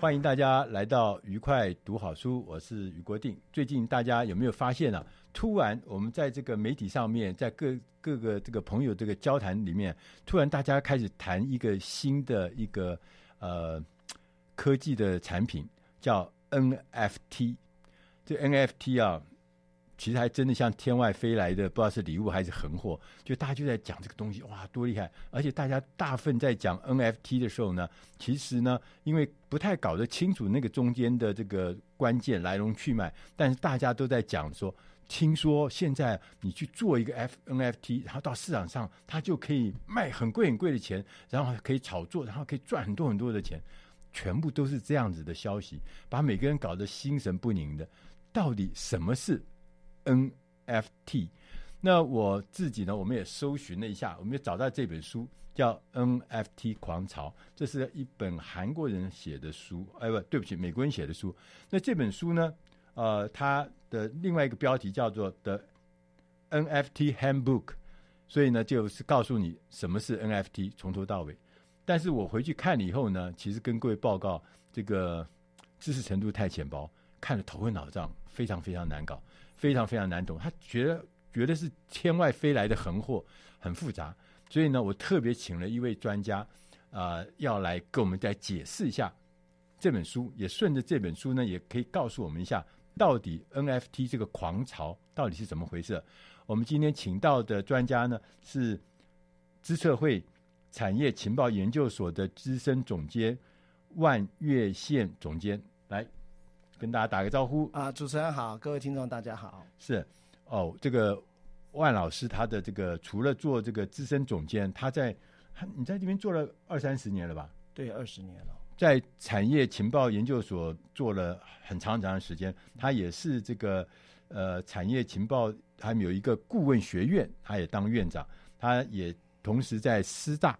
歡迎大家來到俞快讀好書，我是俞國定。最近大家有沒有發現啊？突然我們在這個媒體上面，在各各個這個朋友這個交談裡面，突然大家開始談一個新的一個呃科技的產品，叫 NFT。這 NFT 啊。其實還真的像天外飛來的，不知道是禮物還是橫禍，就大家就在講這個東西，哇，多厲害！而且大家大部分在講 NFT 的時候呢，其實呢，因為不太搞得清楚那個中間的這個關鍵來龍去脈，但是大家都在講說，聽說現在你去做一個 FNFT，然後到市場上，它就可以賣很貴很貴的錢，然後可以炒作，然後可以賺很多很多的錢，全部都是這樣子的消息，把每個人搞得心神不寧的。到底什麼是？NFT，那我自己呢，我們也搜尋了一下，我們也找到這本書，叫《NFT 狂潮》，這是一本韓國人寫的書。哎不，不對不起，美國人寫的書。那這本書呢，呃，它的另外一個標題叫做《The NFT Handbook》，所以呢，就是告訴你什麼是 NFT，從頭到尾。但是我回去看了以後呢，其實跟各位報告，這個知識程度太淺薄，看得頭昏腦脹，非常非常難搞。非常非常難懂，他覺得覺得是天外飛來的橫禍，很複雜。所以呢，我特別請了一位專家，啊、呃，要來跟我們再解釋一下這本書，也順着這本書呢，也可以告訴我們一下，到底 NFT 這個狂潮到底是怎麼回事。我們今天請到的專家呢，是資策會產業情報研究所的資深總監萬岳憲總監來，跟大家打個招呼啊！主持人好，各位聽眾大家好。是哦，這個萬老師他的這個除了做這個資深總監，他在他你在這邊做了二三十年了吧？對，二十年了，在產業情報研究所做了很長很長的時間。他也是這個呃產業情報，他們有一個顧問學院，他也當院長，他也同時在師大，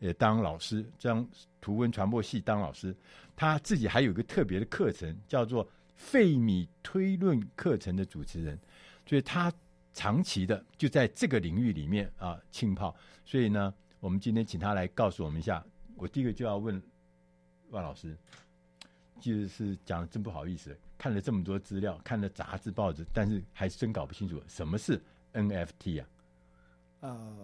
也當老師，這樣圖文傳播系當老師，他自己還有一個特別的課程，叫做費米推論課程的主持人，所以他長期的就在這個領域裡面啊浸泡。所以呢，我們今天請他來告訴我們一下。我第一個就要問萬老師，就是講得真不好意思，看了這麼多資料，看了雜誌報紙，但是還真搞不清楚什麼是 NFT 啊。呃，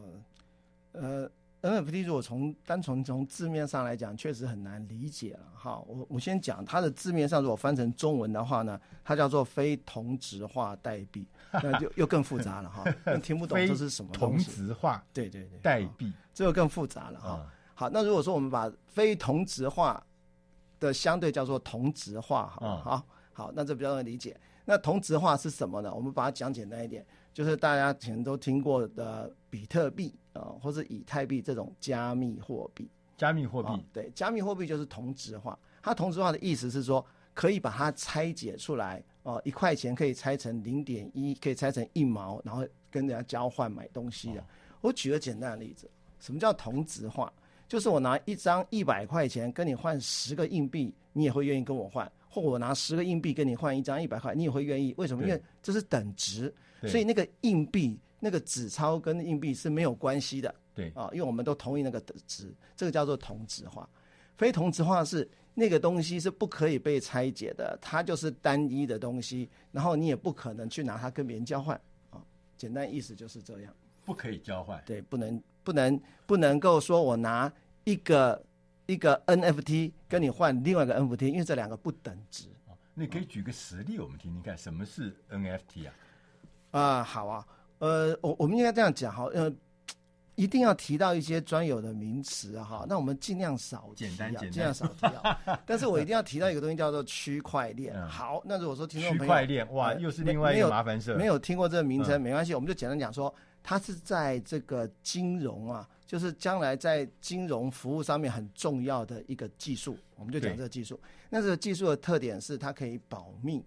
呃。NFT 如果從單純從字面上來講，確實很難理解了哈。我我先講它的字面上如果翻成中文的話呢，它叫做非同質化代幣， 那就又更複雜了哈，聽不懂這是什麼同質化對對對，代幣這個更複雜了哈、嗯。好，那如果說我們把非同質化的相對叫做同質化，哈，好好，那這比較容易理解。那同質化是什麼呢？我們把它講簡單一點，就是大家可能都聽過的。比特幣啊、呃，或是以太幣這種加密貨幣，加密貨幣、哦、對，加密貨幣就是同質化。它同質化的意思是說，可以把它拆解出來，哦、呃，一塊錢可以拆成零點一，可以拆成一毛，然後跟人家交換買東西的。哦、我舉個簡單的例子，什麼叫同質化？就是我拿一張一百塊錢跟你換十個硬幣，你也會願意跟我換；或我拿十個硬幣跟你換一張一百塊，你也會願意。為什麼？因為這是等值，所以那個硬幣。那個紙鈔跟硬幣是沒有關係的，對啊、哦，因為我們都同意那個的值，這個叫做同質化，非同質化是那個東西是不可以被拆解的，它就是單一的東西，然後你也不可能去拿它跟別人交換啊、哦。簡單意思就是這樣，不可以交換，對，不能不能不能夠說我拿一個一個 NFT 跟你換另外一個 NFT，、嗯、因為這兩個不等值啊。你、哦、可以舉個實例我們聽聽看、嗯、什麼是 NFT 啊？啊、呃，好啊。呃，我我們應該這樣講哈，呃，一定要提到一些專有的名詞哈，那我們儘量少提簡單簡單，儘量少提。但是我一定要提到一個東西，叫做區塊鏈、嗯。好，那如果說聽眾朋友，區塊鏈哇、呃，又是另外一個麻煩事，沒有,沒有聽過這個名稱、嗯、沒關係，我們就簡單講說，它是在這個金融啊，就是將來在金融服務上面很重要的一個技術，我們就講這個技術。那這個技術的特點是，它可以保密。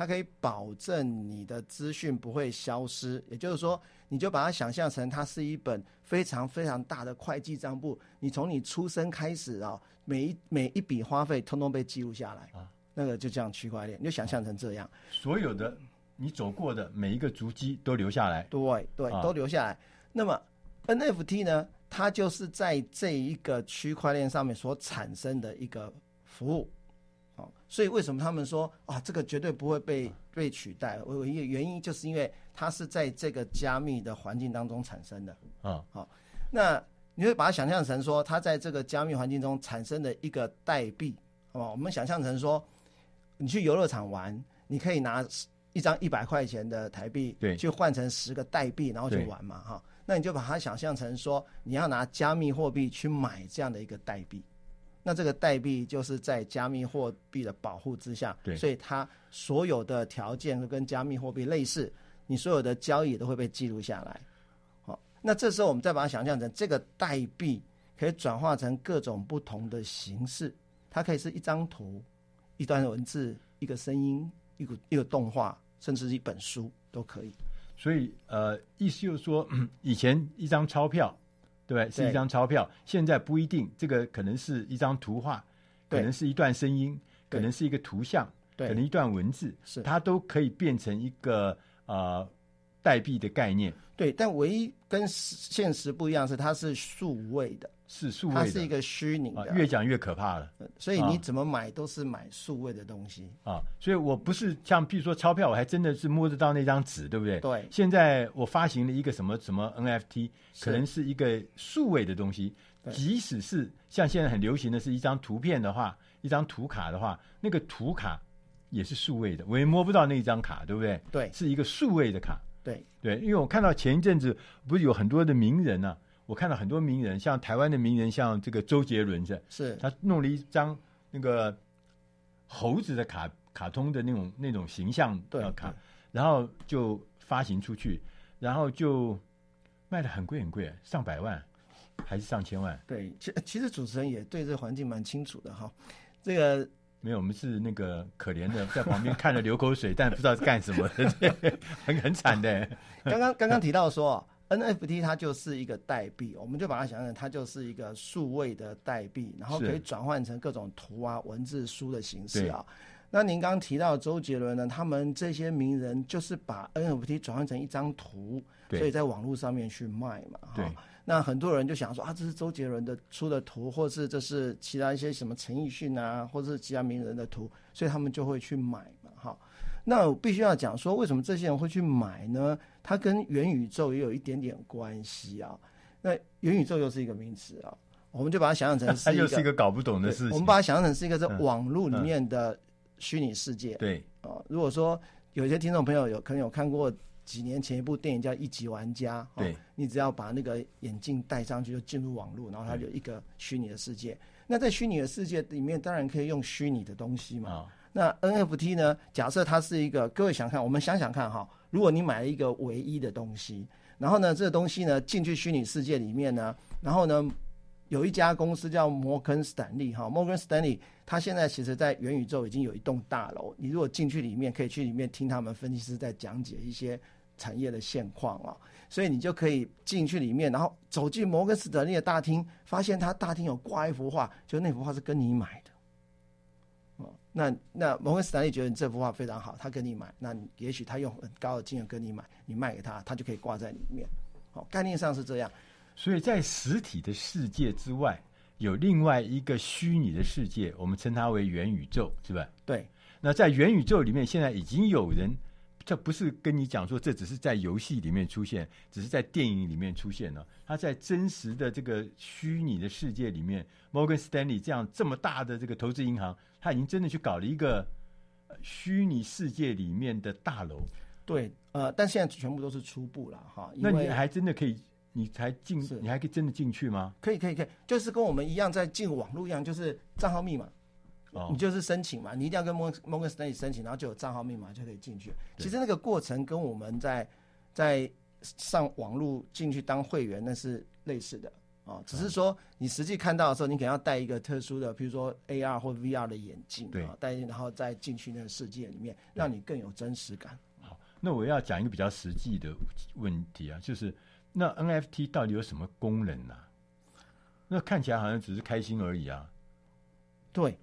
它可以保證你的資訊不會消失，也就是說，你就把它想象成它是一本非常非常大的會計賬簿，你從你出生開始啊、哦，每一每一筆花費通通被記錄下來啊，那個就這樣區塊鏈，你就想象成這樣，啊、所有的你走過的每一個足跡都留下來，對對、啊，都留下來。那麼 NFT 呢，它就是在這一個區塊鏈上面所產生的一個服務。所以為什麼他們說啊，這個絕對不會被被取代？唯唯一原因就是因為它是在這個加密的環境當中產生的啊。好，那你會把它想象成說，它在這個加密環境中產生的一個代幣，好吧？我們想象成說，你去遊樂場玩，你可以拿一張一百塊錢的台幣，對，去換成十個代幣，然後去玩嘛，哈。那你就把它想象成說，你要拿加密貨幣去買這樣的一個代幣。那這個代幣就是在加密貨幣的保護之下，所以它所有的條件跟加密貨幣類似，你所有的交易也都會被記錄下來。好，那這時候我們再把它想象成這個代幣可以轉化成各種不同的形式，它可以是一張圖、一段文字、一個聲音、一個一個動畫，甚至是一本書都可以。所以，呃，意思就是說，嗯，以前一張鈔票。對，是一張鈔票。現在不一定，這個可能是一張圖畫，可能是一段聲音，可能是一個圖像，對，可能一段文字，是，它都可以變成一個呃代幣的概念。對，但唯一跟現實不一樣是，它是數位的。是數位的，它是一個虛擬的啊，越講越可怕了。所以你怎麼買都是買數位的東西啊。所以我不是像，譬如說鈔票，我還真的是摸得到那張紙，對不對？對。現在我發行了一個什麼什麼 NFT，可能是一個數位的東西。即使是像現在很流行的是一張圖片的話，一張圖卡的話，那個圖卡也是數位的，我也摸不到那一張卡，對不對？對，是一個數位的卡。對對，對，因為我看到前一陣子不是有很多的名人啊。我看到很多名人，像台灣的名人，像這個周杰倫，是，他弄了一張那個猴子的卡，卡通的那種那種形象都要卡，然後就發行出去，然後就賣得很貴很貴，上百萬，還是上千萬。對，其其實主持人也對這個環境蠻清楚的哈，這個沒有，我們是那個可憐的，在旁邊看着流口水， 但不知道是幹什麼的，對很很慘的。剛剛剛剛提到說。 NFT 它就是一個代幣，我們就把它想像成，它就是一個數位的代幣，然後可以轉換成各種圖啊、文字、書的形式啊。那您剛剛提到周杰倫呢，他們這些名人就是把 NFT 轉換成一張圖，對，所以在網絡上面去賣嘛。對。哦，那很多人就想說啊，這是周杰倫的出的圖，或是這是其他一些什麼陳奕迅啊，或是其他名人的圖，所以他們就會去買。那我必須要講說，為什麼這些人會去買呢？它跟元宇宙也有一點點關係啊。那元宇宙又是一個名詞啊，我們就把它想象成是一, 是一個搞不懂的事情。我們把它想象成是一個在網絡裡面的虛擬世界。對、嗯嗯、啊，如果說有一些聽眾朋友有可能有看過幾年前一部電影叫《一級玩家》啊，對，你只要把那個眼鏡戴上去，就進入網絡，然後它就一個虛擬的世界。嗯、那在虛擬的世界裡面，當然可以用虛擬的東西嘛。那 NFT 呢？假設它是一個，各位想看，我們想想看哈，如果你買了一個唯一的東西，然後呢，這個東西呢，進去虛擬世界裡面呢，然後呢，有一家公司叫摩根斯坦利哈，摩根斯坦利，它現在其實，在元宇宙已經有一棟大樓，你如果進去裡面，可以去裡面聽他們分析師在講解一些產業的現況啊，所以你就可以進去裡面，然後走進摩根斯坦利的大廳，發現他大廳有掛一幅畫，就那幅畫是跟你買的。那那摩根斯坦利覺得你這幅畫非常好，他跟你買，那也許他用很高的金額跟你買，你賣給他，他就可以掛在裡面。好，概念上是這樣。所以在實體的世界之外，有另外一個虛擬的世界，我們稱它為元宇宙，是吧？對。那在元宇宙裡面，現在已經有人。這不是跟你講說，這只是在遊戲裡面出現，只是在電影裡面出現了啊。他在真實的這個虛擬的世界裡面，摩根·斯丹利這樣這麼大的這個投資銀行，他已經真的去搞了一個虛擬世界裡面的大樓。對，呃，但現在全部都是初步了哈。那你還真的可以？你才進？你還可以真的進去嗎？可以，可以，可以，就是跟我們一樣在進網絡一樣，就是賬號密碼。哦，你就是申請嘛，你一定要跟 Morgan Morgan Stanley 申請，然後就有賬號密碼就可以進去。其實那個過程跟我們在在上網路進去當會員那是類似的哦，只是說你實際看到的時候，你可能要戴一個特殊的，比如說 AR 或 VR 的眼鏡，對啊，戴然後再進去那個世界裡面，讓你更有真實感。好，那我要講一個比較實際的問題啊，就是那 NFT 到底有什麼功能呢？啊？那看起來好像只是開心而已啊。對。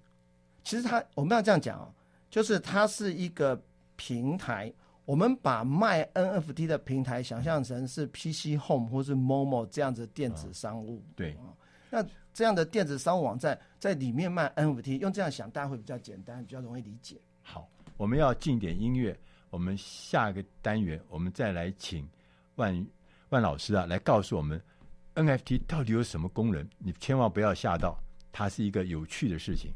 其實它我們要這樣講哦，就是它是一個平台。我們把賣 NFT 的平台想象成是 PC Home 或是 Momo 這樣子電子商務。哦、對、嗯、那這樣的電子商務網站在裡面賣 NFT，用這樣想大家會比較簡單，比較容易理解。好，我們要進點音樂。我們下一個單元，我們再來請萬萬老師啊，來告訴我們 NFT 到底有什麼功能。你千萬不要嚇到，它是一個有趣的事情。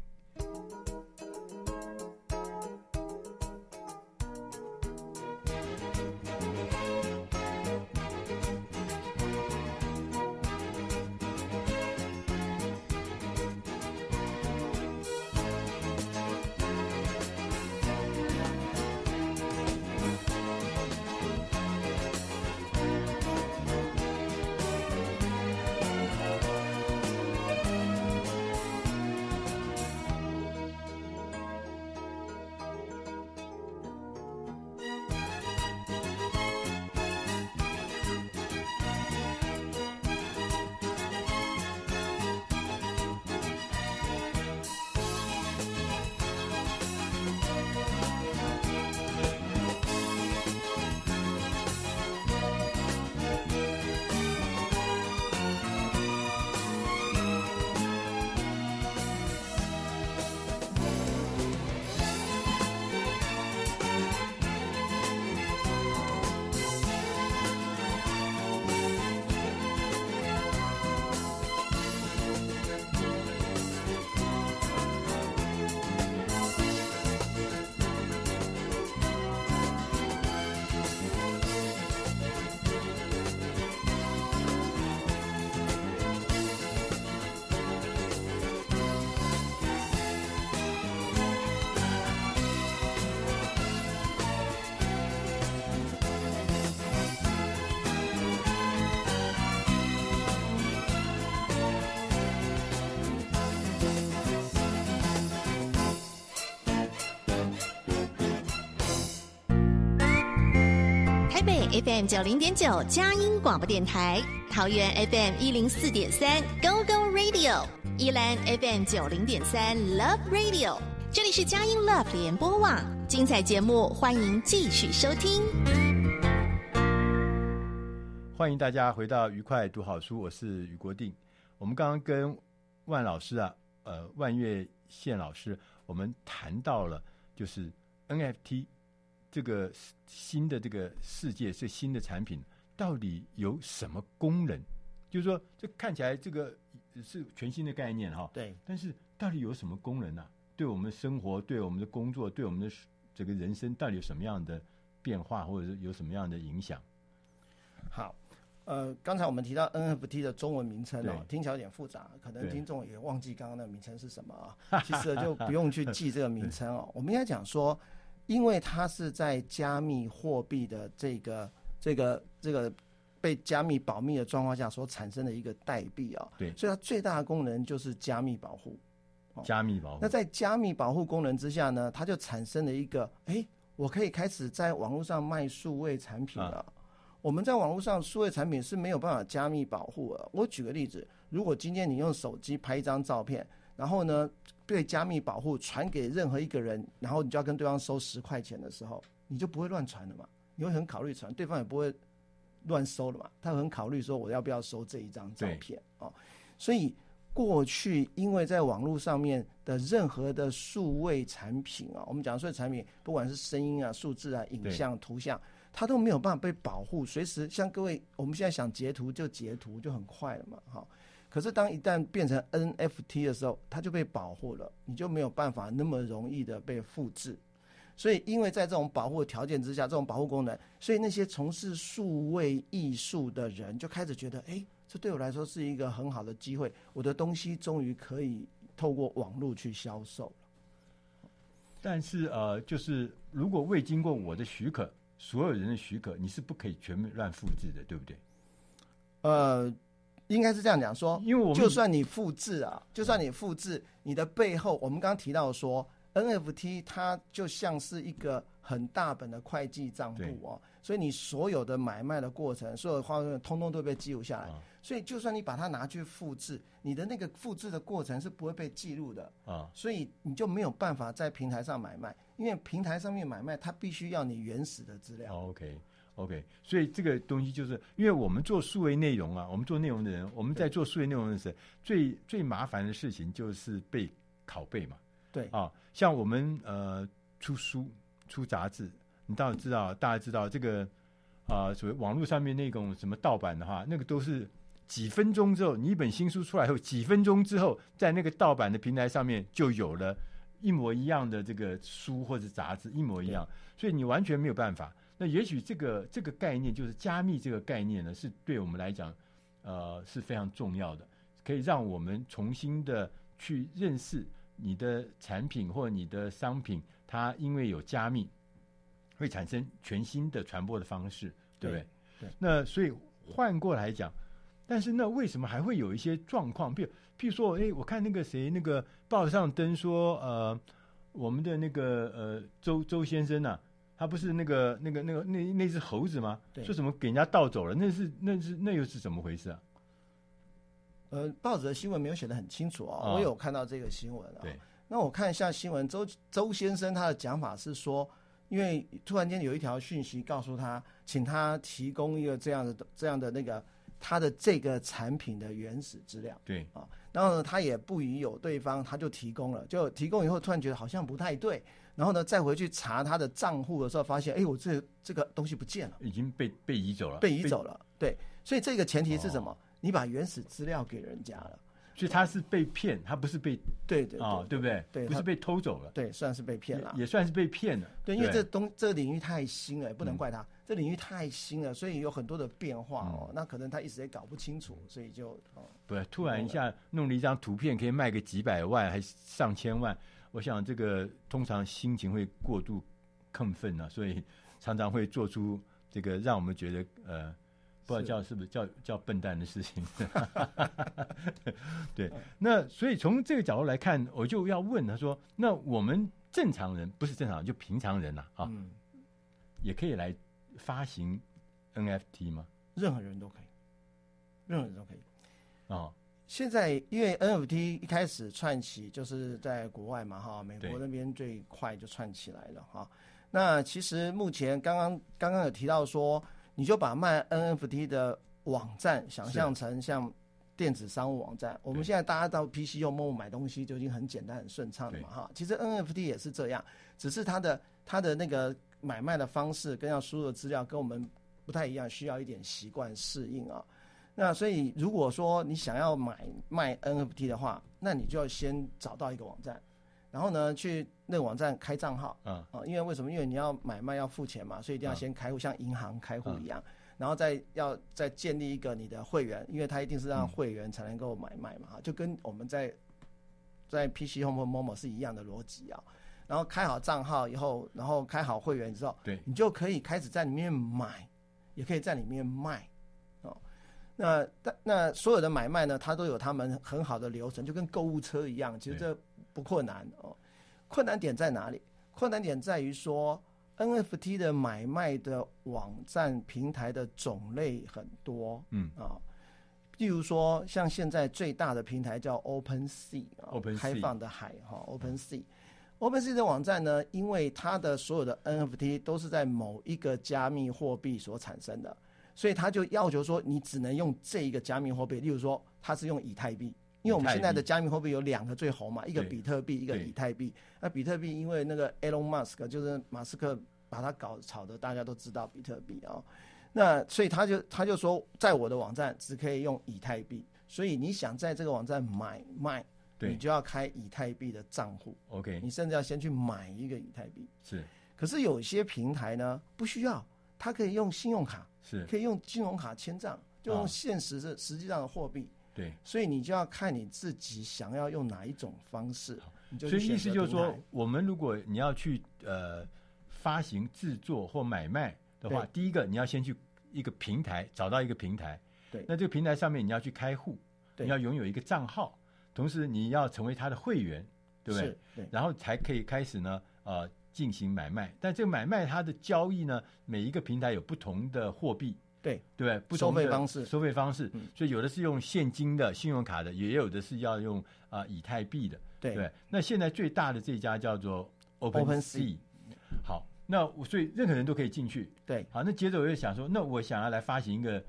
FM 九零點九，佳音廣播電台；桃園 FM 一零四點三，Go Go Radio；宜蘭 FM 九零點三，Love Radio。這裡是佳音 Love 聯播網，精彩節目，歡迎繼續收聽。歡迎大家回到俞快讀好書，我是俞國定。我們剛剛跟萬老師啊，呃，萬岳憲老師，我們談到了就是 NFT。這個新的這個世界是新的產品，到底有什麼功能？就是說，這看起來這個是全新的概念哈、哦。對。但是到底有什麼功能呢、啊？對我們的生活、對我們的工作、對我們的這個人生，到底有什麼樣的變化，或者是有什麼樣的影響？好，呃，剛才我們提到 NFT 的中文名稱哦，聽起來有點複雜，可能聽眾也忘記剛剛那個名稱是什麼啊、哦。其實就不用去記這個名稱哦， 我們應該講說。因為它是在加密貨幣的這個、這個、這個被加密保密的狀況下所產生的一個代幣啊、哦，對，所以它最大的功能就是加密保護、哦，加密保護。那在加密保護功能之下呢，它就產生了一個，誒，我可以開始在網絡上賣數位產品了。啊、我們在網絡上數位產品是沒有辦法加密保護的。我舉個例子，如果今天你用手機拍一張照片，然後呢，對加密保護傳給任何一個人，然後你就要跟對方收十塊錢的時候，你就不會亂傳了嘛。你會很考慮傳，對方也不會亂收了嘛。他很考慮說我要不要收這一張照片啊、哦。所以過去因為在網絡上面的任何的數位產品啊，我們講數位產品，不管是聲音啊、數字啊、影像、圖像，它都沒有辦法被保護，隨時像各位我們現在想截圖就截圖就很快了嘛。哈、哦。可是，當一旦變成 NFT 的時候，它就被保護了，你就沒有辦法那麼容易的被複製。所以，因為在這種保護條件之下，這種保護功能，所以那些從事數位藝術的人就開始覺得，哎、欸，這對我來說是一個很好的機會，我的東西終於可以透過網絡去銷售了。但是，呃，就是如果未經過我的許可，所有人的許可，你是不可以全面亂複製的，對不對？呃。應該是這樣講說，就算你複制啊，就算你複制，你的背後，我們剛剛提到說，NFT 它就像是一個很大本的會計賬簿哦，所以你所有的買賣的過程，所有花通通都被記錄下來，所以就算你把它拿去複制，你的那個複制的過程是不會被記錄的啊，所以你就沒有辦法在平台上買賣，因為平台上面買賣，它必須要你原始的資料。OK。OK，所以這個東西就是，因為我們做數位內容啊，我們做內容的人，我們在做數位內容的時候，最最麻煩的事情就是被拷貝嘛。對啊，像我們呃出書、出雜誌，你到知道，大家知道這個啊、呃，所謂網絡上面那種什麼盜版的話，那個都是幾分鐘之後，你一本新書出來後，幾分鐘之後，在那個盜版的平台上面就有了一模一樣的這個書或者雜誌，一模一樣，所以你完全沒有辦法。那也許這個這個概念就是加密這個概念呢，是對我們來講，呃，是非常重要的，可以讓我們重新的去認識你的產品或你的商品，它因為有加密，會產生全新的傳播的方式對，對不對？對。那所以換過來講，但是那為什麼還會有一些狀況？譬如，譬如說，哎，我看那個誰那個報上登說，呃，我們的那個呃周周先生呢、啊。他、啊、不是那個那個那個那那只猴子嗎對？說什麼給人家盜走了？那是那是那又是怎麼回事啊？呃，報紙的新聞沒有寫得很清楚啊、哦哦。我有看到這個新聞、哦。對。那我看一下新聞，周周先生他的講法是說，因為突然間有一條訊息告訴他，請他提供一個這樣的這樣的那個他的這個產品的原始資料。對。啊、哦，當然後呢，他也不疑有對方，他就提供了。就提供以後，突然覺得好像不太對。然後呢，再回去查他的賬戶的時候，發現，哎，我這這個東西不見了，已經被被移走了，被移走了。對，所以這個前提是什麼、哦？你把原始資料給人家了，所以他是被騙，嗯、他不是被對對，對哦，對不對，對？不是被偷走了，對，算是被騙了，也算是被騙了。對，對因為這東這個領域太新了，不能怪他、嗯，這領域太新了，所以有很多的變化哦。嗯、那可能他一時也搞不清楚，所以就哦，對、嗯，突然一下弄了，弄了一張圖片，可以賣個幾百萬，還是上千萬。我想這個通常心情會過度亢奮啊，所以常常會做出這個讓我們覺得呃，不知道叫是，是不是叫叫笨蛋的事情。 對，那所以從這個角度來看，我就要問他說：那我們正常人不是正常人，就平常人啊，啊、嗯，也可以來發行 NFT 嗎？任何人都可以，任何人都可以啊。哦現在因為 NFT 一開始串起就是在國外嘛哈，美國那邊最快就串起來了哈。那其實目前剛剛剛剛有提到說，你就把賣 NFT 的網站想象成像電子商務網站，我們現在大家到 PC 用 MO 買東西就已經很簡單很順暢了嘛哈。其實 NFT 也是這樣，只是它的它的那個買賣的方式跟要輸入的資料跟我們不太一樣，需要一點習慣適應啊。那所以，如果說你想要買賣 NFT 的話，那你就要先找到一個網站，然後呢，去那個網站開賬號啊啊、嗯！因為為什麼？因為你要買賣要付錢嘛，所以一定要先開戶、嗯，像銀行開戶一樣，然後再要再建立一個你的會員，嗯、因為他一定是讓會員才能夠買賣嘛、嗯，就跟我們在在 PC Home 或 Momo 是一樣的邏輯啊。然後開好賬號以後，然後開好會員之後，對，你就可以開始在裡面買，也可以在裡面賣。那但那所有的買賣呢，它都有他們很好的流程，就跟購物車一樣，其實這不困難哦。困難點在哪裡？困難點在於說 NFT 的買賣的網站平台的種類很多，嗯啊，例如說、哦、像現在最大的平台叫 Open Sea，Open Sea、哦、開放的海哈、哦、，Open Sea，Open Sea、嗯、的網站呢，因為它的所有的 NFT 都是在某一個加密貨幣所產生的。所以他就要求說，你只能用這一個加密貨幣，例如說他是用以太幣，因為我們現在的加密貨幣有兩個最紅嘛，一個比特幣，一個以太幣。那、啊、比特幣因為那個 Elon Musk 就是馬斯克把它搞炒的，大家都知道比特幣啊、哦。那所以他就他就說，在我的網站只可以用以太幣，所以你想在這個網站買賣對，你就要開以太幣的賬戶。OK，你甚至要先去買一個以太幣。是，可是有些平台呢不需要，它可以用信用卡。是，可以用金融卡簽賬，就用現實的實際上的貨幣、啊。對，所以你就要看你自己想要用哪一種方式。所以意思就是說，我們如果你要去呃發行、製作或買賣的話，第一個你要先去一個平台，找到一個平台。對，那這個平台上面你要去開戶，對，你要擁有一個賬號，同時你要成為他的會員，對不對？對，然後才可以開始呢，呃。進行買賣，但這個買賣它的交易呢，每一個平台有不同的貨幣，對對不對？不同收費方式，收費方式、嗯，所以有的是用現金的、信用卡的，也有的是要用啊、呃、以太幣的對，對。那現在最大的這家叫做 Open Sea，好，那我所以任何人都可以進去，對。好，那接着我就想說，那我想要來發行一個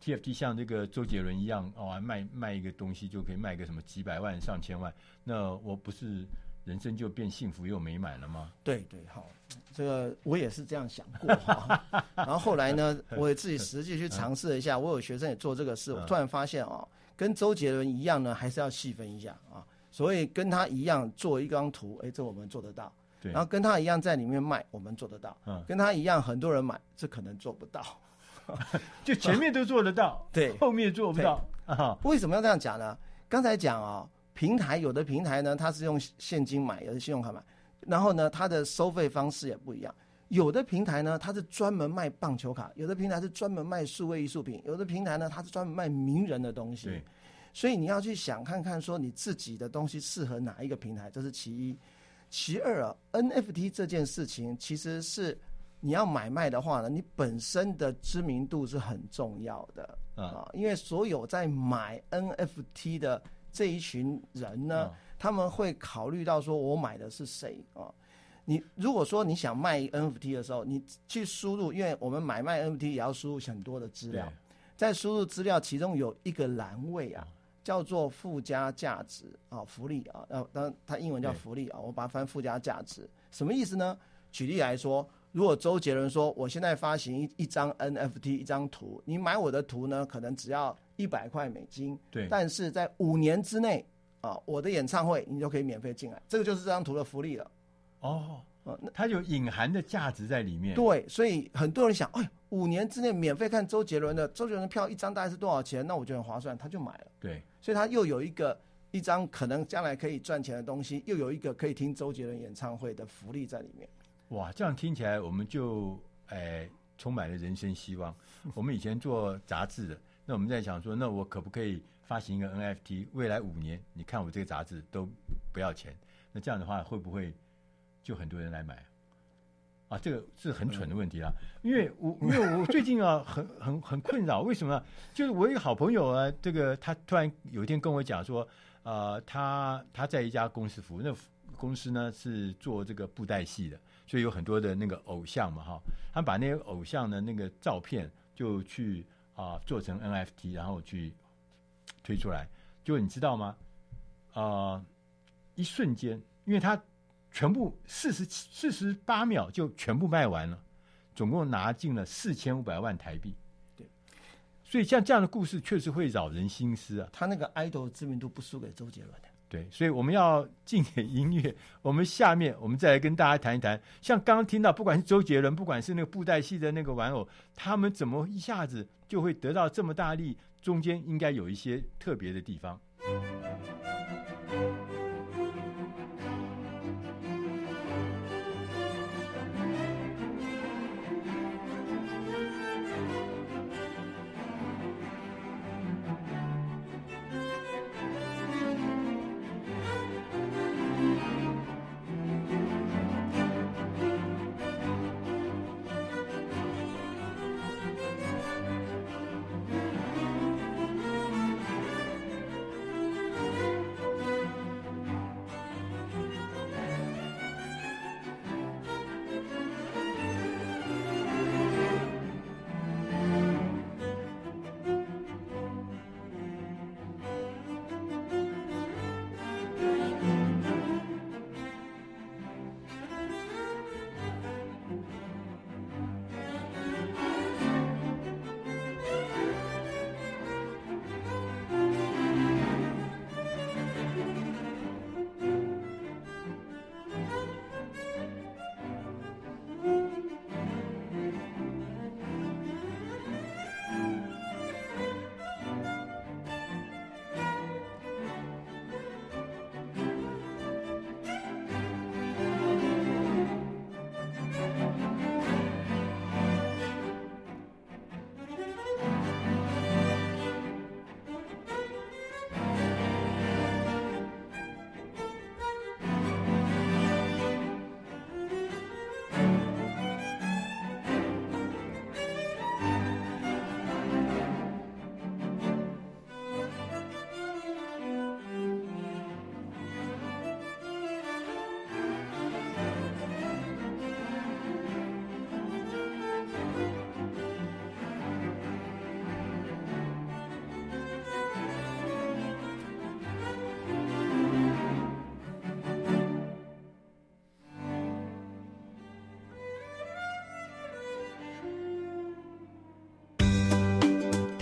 TFT，像這個周杰倫一樣哦，賣賣一個東西就可以賣個什麼幾百萬、上千萬，那我不是。人生就變幸福又美滿了嗎？對對，好、哦，這個我也是這樣想過哈。 然後後來呢，我也自己實際去嘗試了一下，我有學生也做這個事，我突然發現哦，跟周杰倫一樣呢，還是要細分一下啊。所以跟他一樣做一張圖，哎，這我們做得到。對。然後跟他一樣在裡面賣，我們做得到。嗯。跟他一樣，很多人買，這可能做不到。 就前面都做得到，對、啊，後面做不到。啊、為什麼要這樣講呢？剛才講啊、哦。平台，有的平台呢，它是用現金買，有的信用卡買，然後呢，它的收費方式也不一樣。有的平台呢，它是專門賣棒球卡；有的平台是專門賣數位藝術品；有的平台呢，它是專門賣名人的東西。對。所以你要去想看看，說你自己的東西適合哪一個平台，這是其一。其二啊，NFT 這件事情其實是你要買賣的話呢，你本身的知名度是很重要的啊，啊，因為所有在買 NFT 的。這一群人呢、哦，他們會考慮到說，我買的是誰啊、哦？你如果說你想賣 NFT 的時候，你去輸入，因為我們買賣 NFT 也要輸入很多的資料，在輸入資料其中有一個欄位啊，哦、叫做附加價值啊、哦，福利啊，那當然它英文叫福利啊，我把它翻附加價值，什麼意思呢？舉例來說，如果周杰倫說，我現在發行一一張 NFT 一張圖，你買我的圖呢，可能只要一百塊美金，對，但是在五年之內啊，我的演唱會你就可以免費進來，這個就是這張圖的福利了。哦，那它有隱含的價值在裡面。對，所以很多人想，哎，五年之內免費看周杰倫的，周杰倫的票一張大概是多少錢？那我覺得很划算，他就買了。對，所以他又有一個一張可能將來可以賺錢的東西，又有一個可以聽周杰倫演唱會的福利在裡面。哇，這樣聽起來我們就哎充滿了人生希望。 我們以前做雜誌的。那我們在想說，那我可不可以發行一個 NFT？未來五年，你看我這個雜誌都不要錢，那這樣的話會不會就很多人來買？啊，這個是很蠢的問題啦。呃，因為我因為我最近啊， 很很很困擾。為什麼？就是我一個好朋友啊，這個他突然有一天跟我講說，呃，他他在一家公司服務，那公司呢是做這個布袋戲的，所以有很多的那個偶像嘛，哈，他把那個偶像的那個照片就去。啊、呃，做成 NFT 然後去推出來，就你知道嗎？呃，一瞬間，因為他全部四十四十八秒就全部賣完了，總共拿進了四千五百萬台幣。對，所以像這樣的故事確實會擾人心思啊。他那個 idol 知名度不輸給周杰倫的。對，所以我們要進點音樂。我們下面，我們再來跟大家談一談，像剛剛聽到，不管是周杰倫，不管是那個布袋戲的那個玩偶，他們怎麼一下子就會得到這麼大力？中間應該有一些特別的地方。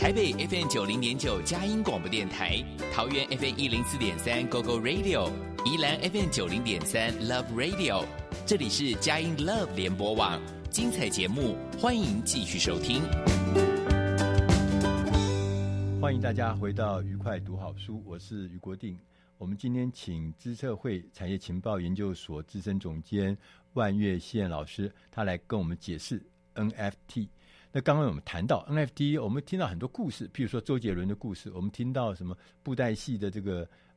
台北 FM 九零點九佳音廣播電台，桃園 FM 一零四點三 GoGo Radio，宜蘭 FM 九零點三 Love Radio，這裡是佳音 Love 聯播網，精彩節目，歡迎繼續收聽。歡迎大家回到俞快讀好書，我是俞國定。我們今天請資策會產業情報研究所資深總監萬岳憲老師，他來跟我們解釋 NFT。那剛剛我們談到 NFT，我們聽到很多故事，譬如說周杰倫的故事，我們聽到什麼布袋戲的這個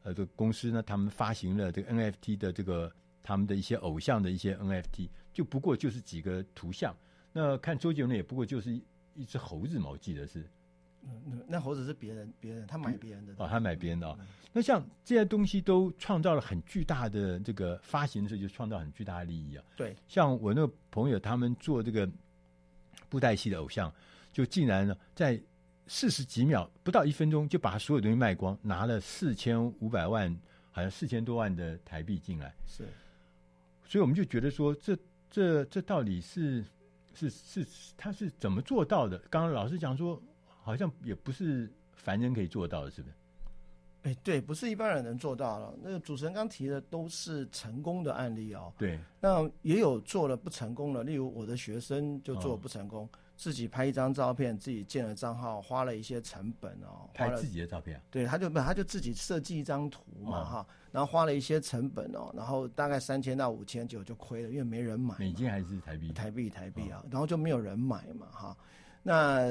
呃的、這個、公司呢？他們發行了這個 NFT 的這個他們的一些偶像的一些 NFT，就不過就是幾個圖像。那看周杰倫也不過就是一，一隻猴子嘛，我記得是。那、嗯、那猴子是別人別人他買別人的。哦，他買別人的、哦嗯嗯。那像這些東西都創造了很巨大的這個發行的時候就創造很巨大的利益啊。對，像我那個朋友他們做這個。布袋戲的偶像，就竟然呢，在四十幾秒不到一分鐘，就把所有東西賣光，拿了四千五百萬，好像四千多萬的台幣進來。是，所以我們就覺得說，這這這到底是是是，他是，是，是怎麼做到的？剛剛老師講說，好像也不是凡人可以做到的，是不是？哎、欸，對，不是一般人能做到了。那個主持人剛提的都是成功的案例哦。對。那也有做了不成功的，例如我的學生就做不成功、嗯，自己拍一張照片，自己建了賬號，花了一些成本哦。拍了自己的照片、啊？對，他就把他就自己設計一張圖嘛哈、嗯，然後花了一些成本哦，然後大概三千到五千九就虧了，因為沒人買。美金還是台幣？台幣台幣啊、嗯，然後就沒有人買嘛哈。那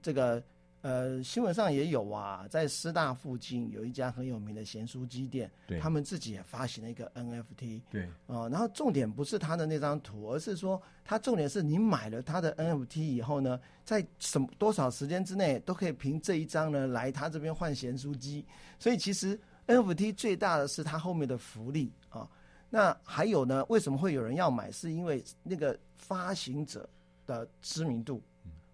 這個。呃，新聞上也有啊，在師大附近有一家很有名的鹹酥雞店。對，他們自己也發行了一個 NFT 對。對、呃、啊，然後重點不是他的那張圖，而是說，它重點是你買了他的 NFT 以後呢，在什麼多少時間之內都可以憑這一張呢來他這邊換鹹酥雞。所以其實 NFT 最大的是他後面的福利啊、呃。那還有呢，為什麼會有人要買？是因為那個發行者的知名度。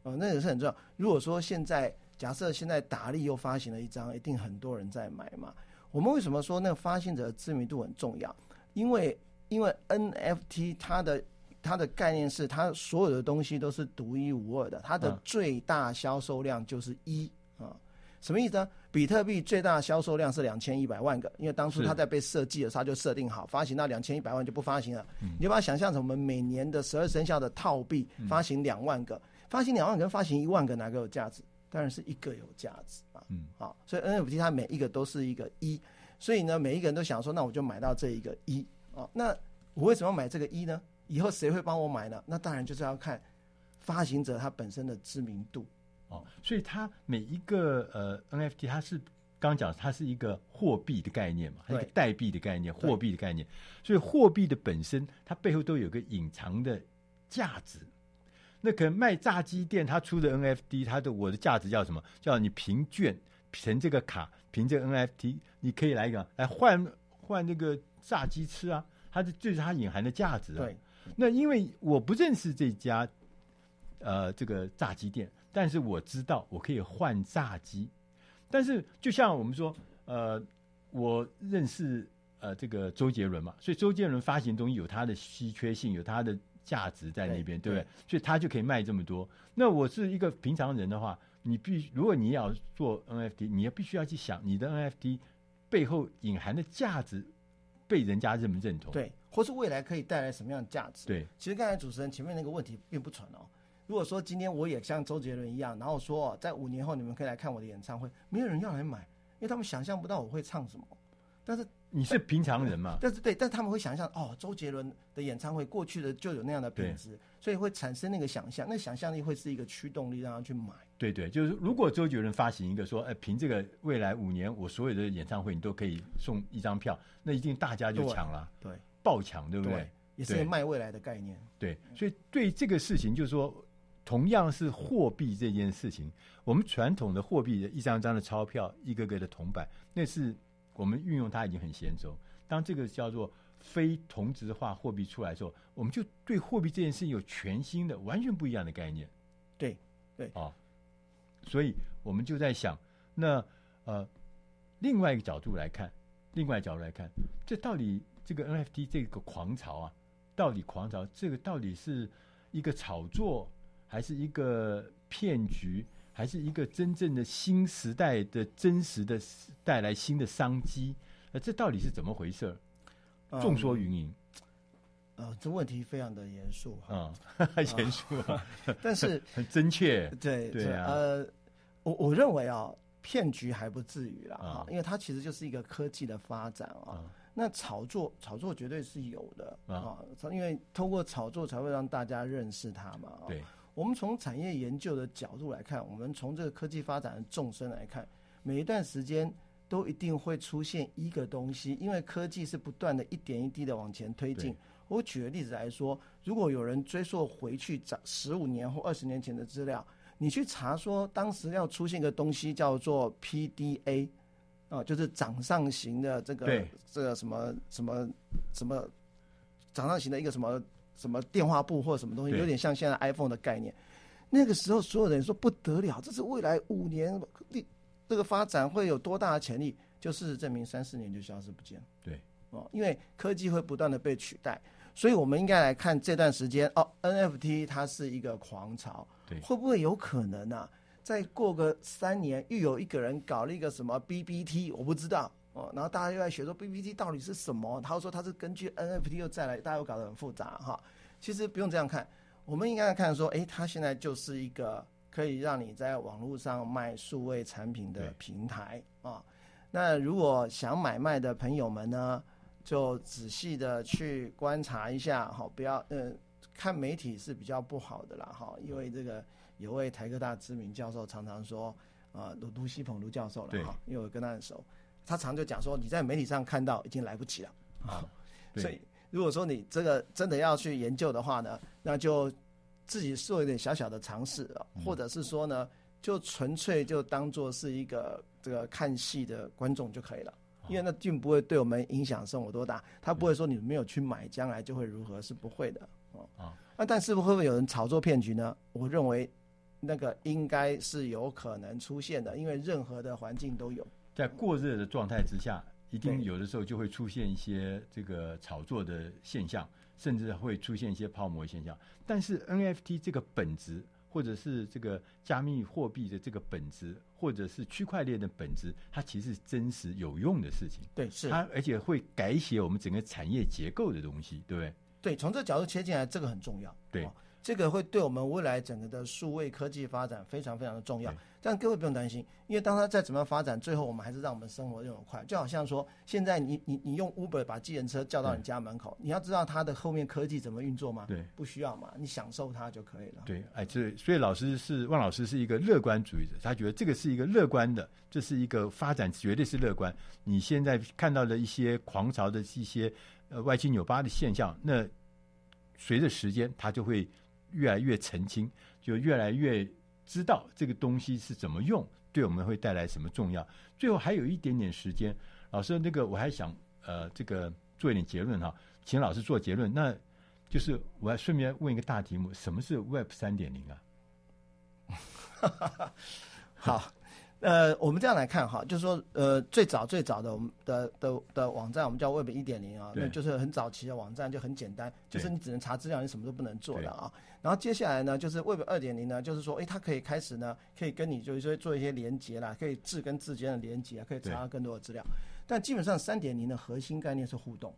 哦、嗯，那個是很重要。如果說現在假設現在達利又發行了一張，一定很多人在買嘛。我們為什麼說那個發行者的知名度很重要？因為因為 NFT 它的它的概念是它所有的東西都是獨一無二的，它的最大銷售量就是一啊，啊。什麼意思呢？比特幣最大銷售量是兩千一百萬個，因為當初它在被設計的時候它就設定好，發行到兩千一百萬就不發行了。嗯、你就把它想象成我們每年的十二生肖的套幣發行兩萬個。嗯嗯發行兩萬個，發行一萬個，哪個有價值？當然是一個有價值啊，嗯、哦，好，所以 NFT 它每一個都是一個一，所以呢，每一個人都想說，那我就買到這一個一哦。那我為什麼買這個一呢？以後誰會幫我買呢？那當然就是要看發行者他本身的知名度哦。所以它每一個呃 NFT 它是剛講，它是一個貨幣的概念嘛，它是一個代幣的概念，貨幣的概念。所以貨幣的本身，它背後都有一個隱藏的價值。那可能賣炸雞店，他出的 NFT，他的我的價值叫什麼？叫你憑券，憑這個卡，憑這個 NFT，你可以來一個來換換那個炸雞吃啊？它這就是它隱含的價值啊，對。那因為我不認識這家，呃，這個炸雞店，但是我知道我可以換炸雞。但是就像我們說，呃，我認識呃這個周杰倫嘛，所以周杰倫發行東西有他的稀缺性，有他的。價值在那邊，對不對，對？所以他就可以賣這麼多。那我是一個平常人的話，你必須如果你要做 NFT，、嗯、你要必須要去想你的 NFT 背後隱含的價值被人家認不認同？對，或是未來可以帶來什麼樣的價值？對，其實剛才主持人前面那個問題並不蠢哦。如果說今天我也像周杰倫一樣，然後說、哦、在五年後你們可以來看我的演唱會，沒有人要來買，因為他們想象不到我會唱什麼，但是。你是平常人嘛？但是對，對，但是他們會想象哦，周杰倫的演唱會過去的就有那樣的品質，所以會產生那個想象，那想象力會是一個驅動力讓他去買。對對，就是如果周杰倫發行一個說，哎、呃，憑這個未來五年我所有的演唱會你都可以送一張票，那一定大家就搶了，對，爆搶，對不對，對？也是賣未來的概念。對，對，所以對這個事情就是說，同樣是貨幣這件事情，我們傳統的貨幣的一張張的鈔票，一個個的銅板，那是。我們運用它已經很嫻熟。當這個叫做非同質化貨幣出來的時候，我們就對貨幣這件事情有全新的、完全不一樣的概念。對，對，啊、哦，所以我們就在想，那呃，另外一個角度來看，另外一個角度來看，這到底這個 NFT 這個狂潮啊，到底狂潮，這個到底是一個炒作還是一個騙局？還是一個真正的新時代的真實的帶來新的商機，那這到底是怎麼回事兒？眾、呃、說紜紜。呃，這問題非常的嚴肅啊還、啊、嚴肅啊？但是 很真切，對對，對啊。呃、我我認為啊、哦，騙局還不至於了啊，因為它其實就是一個科技的發展啊。啊那炒作炒作絕對是有的啊，啊，因為通過炒作才會讓大家認識它嘛。對。我們從產業研究的角度來看，我們從這個科技發展的縱深來看，每一段時間都一定會出現一個東西，因為科技是不斷的一點一滴的往前推進。我舉個例子來說，如果有人追溯回去，長十五年或二十年前的資料，你去查說當時要出現一個東西叫做 PDA，啊、呃，就是掌上型的這個這個什麼什麼什麼掌上型的一個什麼。什麼電話簿或什麼東西，有點像現在 iPhone 的概念。那個時候，所有人說不得了，這是未來五年，這個發展會有多大的潛力？就事實證明，三四年就消失不見。對，哦，因為科技會不斷地被取代，所以我們應該來看這段時間哦，NFT 它是一個狂潮，對，會不會有可能啊？再過個三年，又有一個人搞了一個什麼 BBT，我不知道。哦，然後大家又在學說 BBT 到底是什麼？他說他是根據 NFT 又再來，大家又搞得很複雜哈、哦。其實不用這樣看，我們應該看說，哎，他現在就是一個可以讓你在網絡上賣數位產品的平台啊、哦。那如果想買賣的朋友們呢，就仔細的去觀察一下哈、哦，不要呃看媒體是比較不好的啦哈、哦，因為這個有位台科大知名教授常常說，啊盧盧錫鵬盧教授了哈，因為我跟他很熟。他常就講說，你在媒體上看到已經來不及了啊。所以，如果說你這個真的要去研究的話呢，那就自己做一點小小的嘗試啊，或者是說呢，就純粹就當作是一個這個看戲的觀眾就可以了。啊、因為那並不會對我們影響生活多大，他不會說你沒有去買，將、嗯、來就會如何，是不會的啊啊。那、啊、但是會不會有人炒作騙局呢？我認為那個應該是有可能出現的，因為任何的環境都有。在過熱的狀態之下，一定有的時候就會出現一些這個炒作的現象，甚至會出現一些泡沫現象。但是 NFT 這個本質，或者是這個加密貨幣的這個本質，或者是區塊鏈的本質，它其實是真實有用的事情。對，是它，而且會改寫我們整個產業結構的東西，對不對？對，從這角度切進來，這個很重要。對。這個會對我們未來整個的數位科技發展非常非常的重要，但各位不用擔心，因為當它再怎麼樣發展，最後我們還是讓我們生活用得快。就好像說，現在你你你用 Uber 把計程車叫到你家門口，你要知道它的後面科技怎麼運作嗎？對，不需要嘛，你享受它就可以了。對，對哎，這所、所以老師是萬老師是一個樂觀主義者，他覺得這個是一個樂觀的，這是一個發展絕對是樂觀。你現在看到的一些狂潮的一些呃歪七扭八的現象，那隨着時間它就會。越來越澄清，就越來越知道這個東西是怎麼用，對我們會帶來什麼重要。最後還有一點點時間，老師那個我還想呃，這個做一點結論哈，請老師做結論。那就是我還順便問一個大題目：什麼是 Web 三點零啊？ 好。呃，我們這樣來看哈，就是說，呃，最早最早的我們的的的，的網站，我們叫 Web 一點零啊，那就是很早期的網站，就很簡單，就是你只能查資料，你什麼都不能做的啊。然後接下來呢，就是 Web 二點零呢，就是說，哎，它可以開始呢，可以跟你就是說做一些連接啦，可以字跟字間的連接，啊，可以查更多的資料。但基本上三點零的核心概念是互動。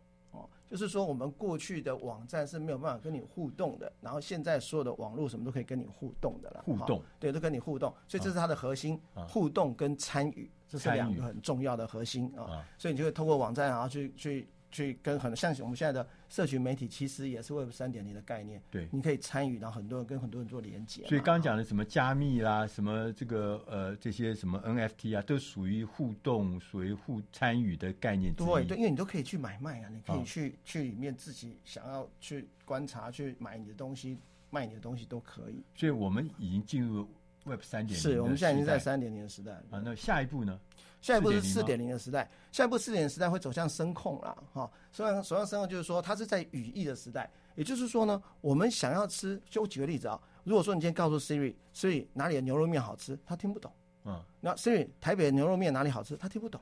就是說，我們過去的網站是沒有辦法跟你互動的，然後現在所有的網絡什麼都可以跟你互動的了。互動、啊，對，都跟你互動，所以這是它的核心，啊、互動跟參與，這是兩個很重要的核心啊。所以你就會通過網站然後去去。去跟很多像我們現在的社群媒體，其實也是 Web 三點零的概念。對，你可以參與，然後很多人跟很多人做連接。所以剛剛講的什麼加密啦，啊、什麼這個呃這些什麼 NFT 啊，都屬於互動，屬於互參與的概念。對，對，因為你都可以去買賣啊，你可以去去裡面自己想要去觀察、去買你的東西、賣你的東西都可以。所以我們已經進入 Web 三點零，是我們現在已經在三點零的時代。啊，那下一步呢？下一步是四點零的時代，下一步四點零時代會走向聲控了，哈。所以走向聲控就是說，它是在語義的時代，也就是說呢，我們想要吃，就舉個例子啊、哦，如果說你今天告訴 Siri，Siri 哪裡的牛肉麵好吃，他聽不懂，啊、嗯，那 Siri 台北的牛肉麵哪裡好吃，他聽不懂。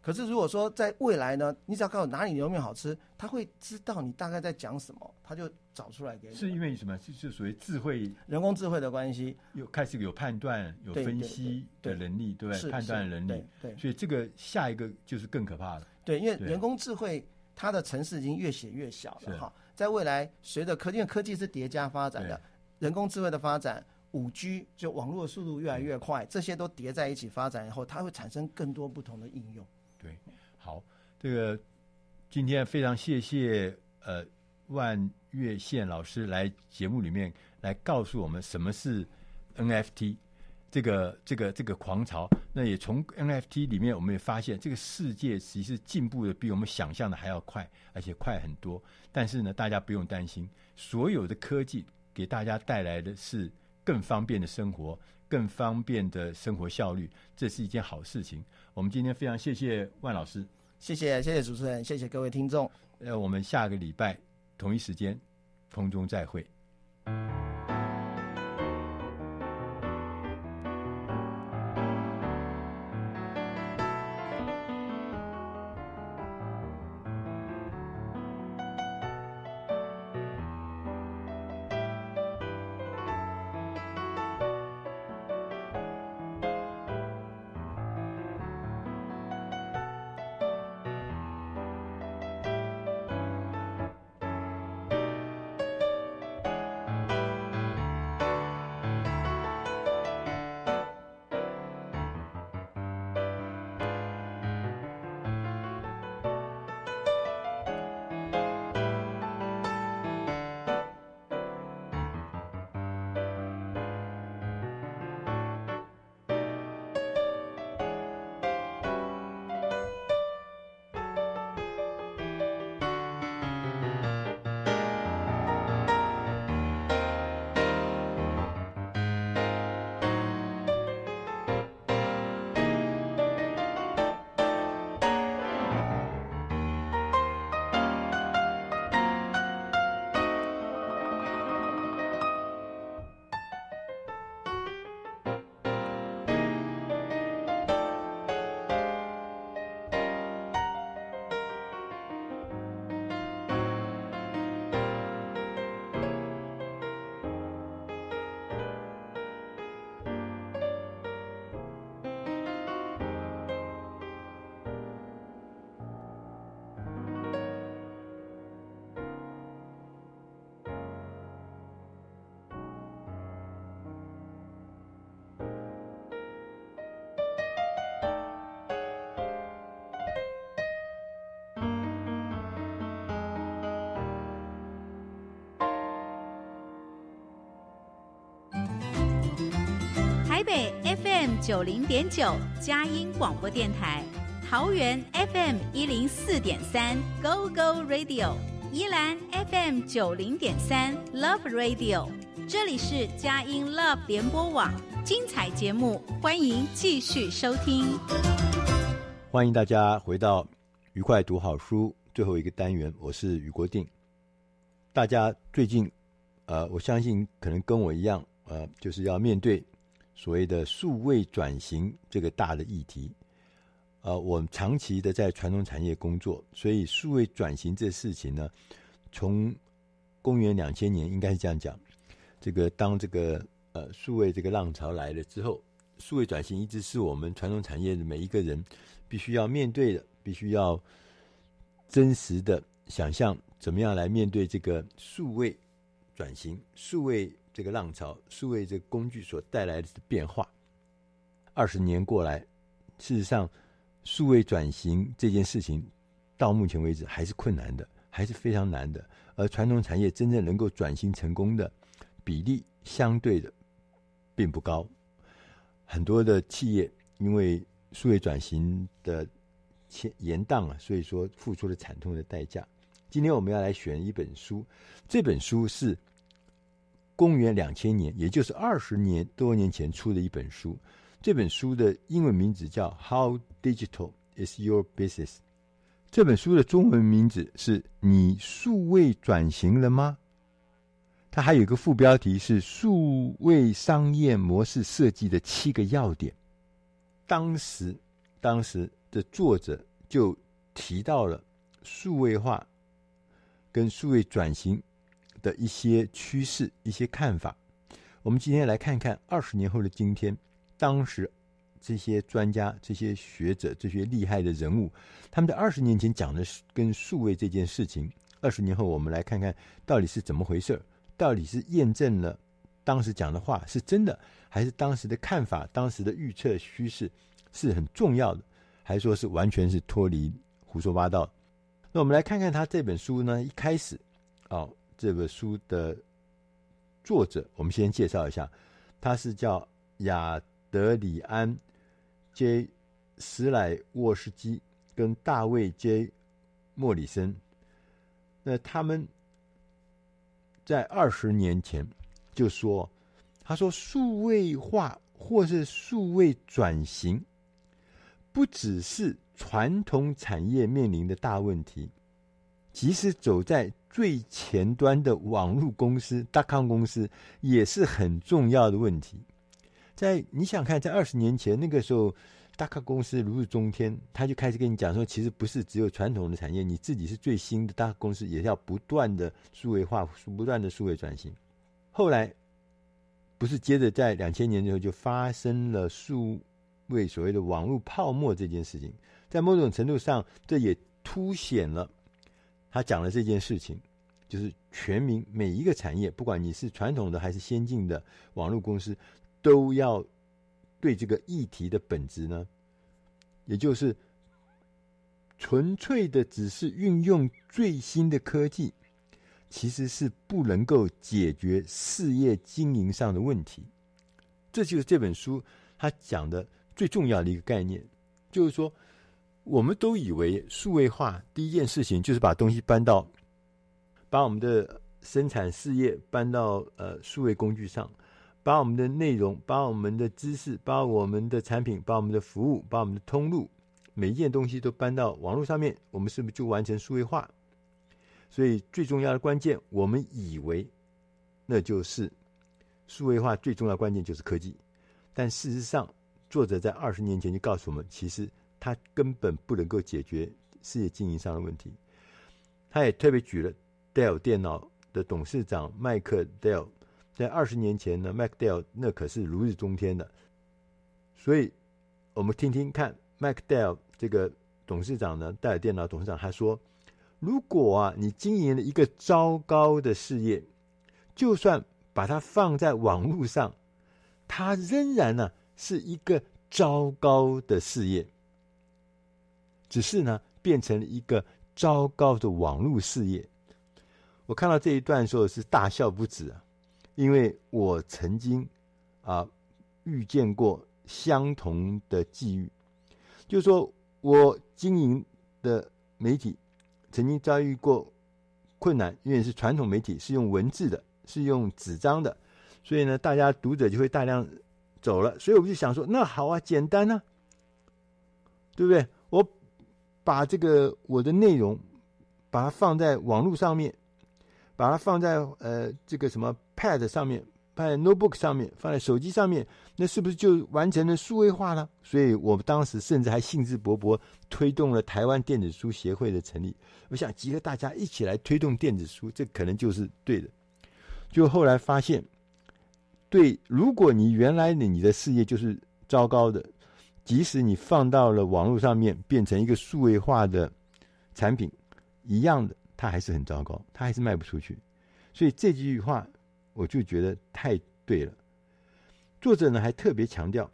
可是，如果說在未來呢，你只要告訴我哪裡牛肉麵好吃，他會知道你大概在講什麼，他就找出來給你。是因為什麼？就是所謂智慧、人工智慧的關係，又開始有判斷、有分析的能力，對，對，對，對，對判斷能力對。對。所以這個下一個就是更可怕了。對，因為人工智慧它的程式已經越寫越小了哈。在未來，隨着科技，因為科技是疊加發展的，人工智慧的發展。五 G 就網絡的速度越來越快，嗯、這些都疊在一起發展以後，它會產生更多不同的應用。對，好，這個今天非常謝謝呃萬岳憲老師來節目裡面來告訴我們什麼是 NFT，這個這個這個狂潮。那也從 NFT 裡面我們也發現，這個世界其實進步的比我們想象的還要快，而且快很多。但是呢，大家不用擔心，所有的科技給大家帶來的是。更方便的生活，更方便的生活效率，這是一件好事情。我們今天非常謝謝萬老師，謝謝，謝謝主持人，謝謝各位聽眾。呃，我們下個禮拜同一時間，空中再會。FM 九零點九，佳音廣播電台；桃園 FM 一零四點三，Go Go Radio；宜蘭 FM 九零點三，Love Radio。這裡是佳音 Love 聯播網，精彩節目，歡迎繼續收聽。歡迎大家回到《俞快讀好書》最後一個單元，我是俞國定。大家最近，呃，我相信可能跟我一樣，呃，就是要面對。所謂的數位轉型這個大的議題，呃，我們長期的在傳統產業工作，所以數位轉型這事情呢，從公元兩千年應該是這樣講，這個當這個呃數位這個浪潮來了之後，數位轉型一直是我們傳統產業的每一個人必須要面對的，必須要真實的想象怎麼樣來面對這個數位轉型，數位。這個浪潮，數位這個工具所帶來的變化，二十年過來，事實上，數位轉型這件事情到目前為止還是困難的，還是非常難的。而傳統產業真正能夠轉型成功的比例相對的並不高，很多的企業因為數位轉型的延宕啊，所以說付出了慘痛的代價。今天我們要來選一本書，這本書是。公元兩千年，也就是二十年多年前出的一本書。這本書的英文名字叫《How Digital Is Your Business》。這本書的中文名字是“你數位轉型了嗎？”它還有一個副標題是“數位商業模式設計的七個要點”。當時，當時的作者就提到了數位化跟數位轉型。的一些趨勢、一些看法，我們今天來看看二十年後的今天，當時這些專家、這些學者、這些厲害的人物，他們在二十年前講的跟數位這件事情，二十年後我們來看看到底是怎麼回事，到底是驗證了當時講的話是真的，還是當時的看法、當時的預測趨勢是很重要的，還是說是完全是脫離胡說八道的？那我們來看看他這本書呢，一開始，好、哦。這本書的作者，我們先介紹一下，他是叫亞德里安 ·J· 史萊沃斯基跟大衛 ·J· 莫里森。那他們在二十年前就說，他說數位化或是數位轉型，不只是傳統產業面臨的大問題。即使走在最前端的網絡公司，達康公司也是很重要的問題。在你想看，在二十年前那個時候，達康公司如日中天，他就開始跟你講說，其實不是只有傳統的產業，你自己是最新的達康公司，也是要不斷的數位化，不斷的數位轉型。後來不是接着在兩千年之後就發生了數位所謂的網絡泡沫這件事情，在某種程度上，這也凸顯了。他講了這件事情，就是全民每一個產業，不管你是傳統的還是先進的網絡公司，都要對這個議題的本質呢，也就是純粹的只是運用最新的科技，其實是不能夠解決事業經營上的問題。這就是這本書他講的最重要的一個概念，就是說，我們都以為數位化第一件事情就是把東西搬到，把我們的生產事業搬到呃數位工具上，把我們的內容、把我們的知識、把我們的產品、把我們的服務、把我們的通路，每一件東西都搬到網絡上面，我們是不是就完成數位化？所以最重要的關鍵，我們以為那就是數位化最重要關鍵就是科技，但事實上，作者在二十年前就告訴我們，其實。他根本不能夠解決事業經營上的問題。他也特別舉了戴爾電腦的董事長麥克戴爾，在二十年前呢，麥克戴爾那可是如日中天的。所以，我們聽聽看麥克戴爾這個董事長呢，戴爾電腦董事長他說：“如果啊，你經營了一個糟糕的事業，就算把它放在網絡上，它仍然呢是一個糟糕的事業。”只是呢，變成了一個糟糕的網絡事業。我看到這一段時候是大笑不止啊，因為我曾經啊遇見過相同的際遇，就是說我經營的媒體曾經遭遇過困難，因為是傳統媒體，是用文字的，是用紙張的，所以呢，大家讀者就會大量走了。所以我就想說，那好啊，簡單啊，對不對？我。把這個我的內容，把它放在網絡上面，把它放在呃這個什麼 Pad 上面，放在 Notebook 上面，放在手機上面，那是不是就完成了數位化了？所以我們當時甚至還興致勃勃推動了台灣電子書協會的成立，我想集合大家一起來推動電子書，這可能就是對的。就後來發現，對，如果你原來你的事業就是糟糕的。即使你放到了網絡上面，變成一個數位化的產品一樣的，它還是很糟糕，它還是賣不出去。所以這句話我就覺得太對了。作者呢還特別強調，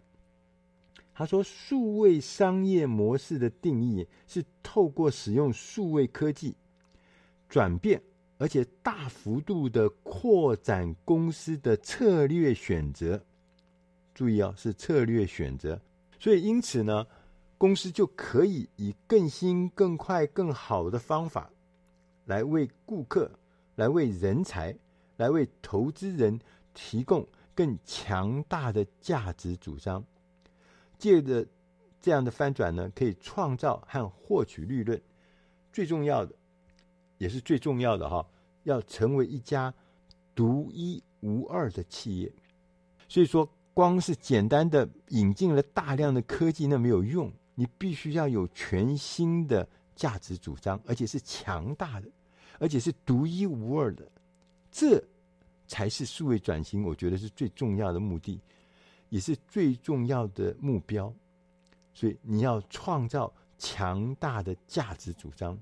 他說數位商業模式的定義是透過使用數位科技轉變，而且大幅度的擴展公司的策略選擇。注意哦，是策略選擇。所以，因此呢，公司就可以以更新、更快、更好的方法，來為顧客、來為人才、來為投資人提供更強大的價值主張。借着這樣的翻轉呢，可以創造和獲取利潤。最重要的，也是最重要的哈，要成為一家獨一無二的企業。所以說。光是簡單的引進了大量的科技，那沒有用。你必須要有全新的價值主張，而且是強大的，而且是獨一無二的。這才是數位轉型，我覺得是最重要的目的，也是最重要的目標。所以你要創造強大的價值主張。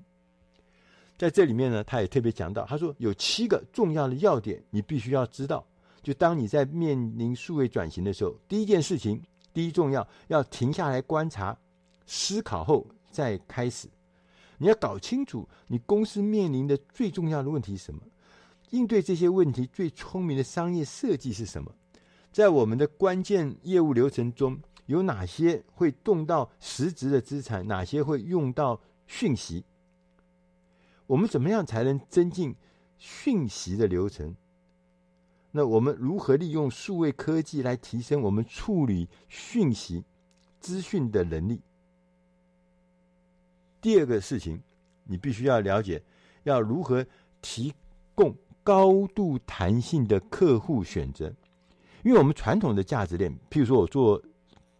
在這裡面呢，他也特別講到，他說有七個重要的要點，你必須要知道。就當你在面臨數位轉型的時候，第一件事情，第一重要，要停下來觀察、思考後再開始。你要搞清楚你公司面臨的最重要的問題是什麼，應對這些問題最聰明的商業設計是什麼，在我們的關鍵業務流程中，有哪些會動到實質的資產，哪些會用到訊息？我們怎麼樣才能增進訊息的流程？那我們如何利用數位科技來提升我們處理訊息、資訊的能力？第二個事情，你必須要了解，要如何提供高度彈性的客戶選擇。因為我們傳統的價值鏈，譬如說我做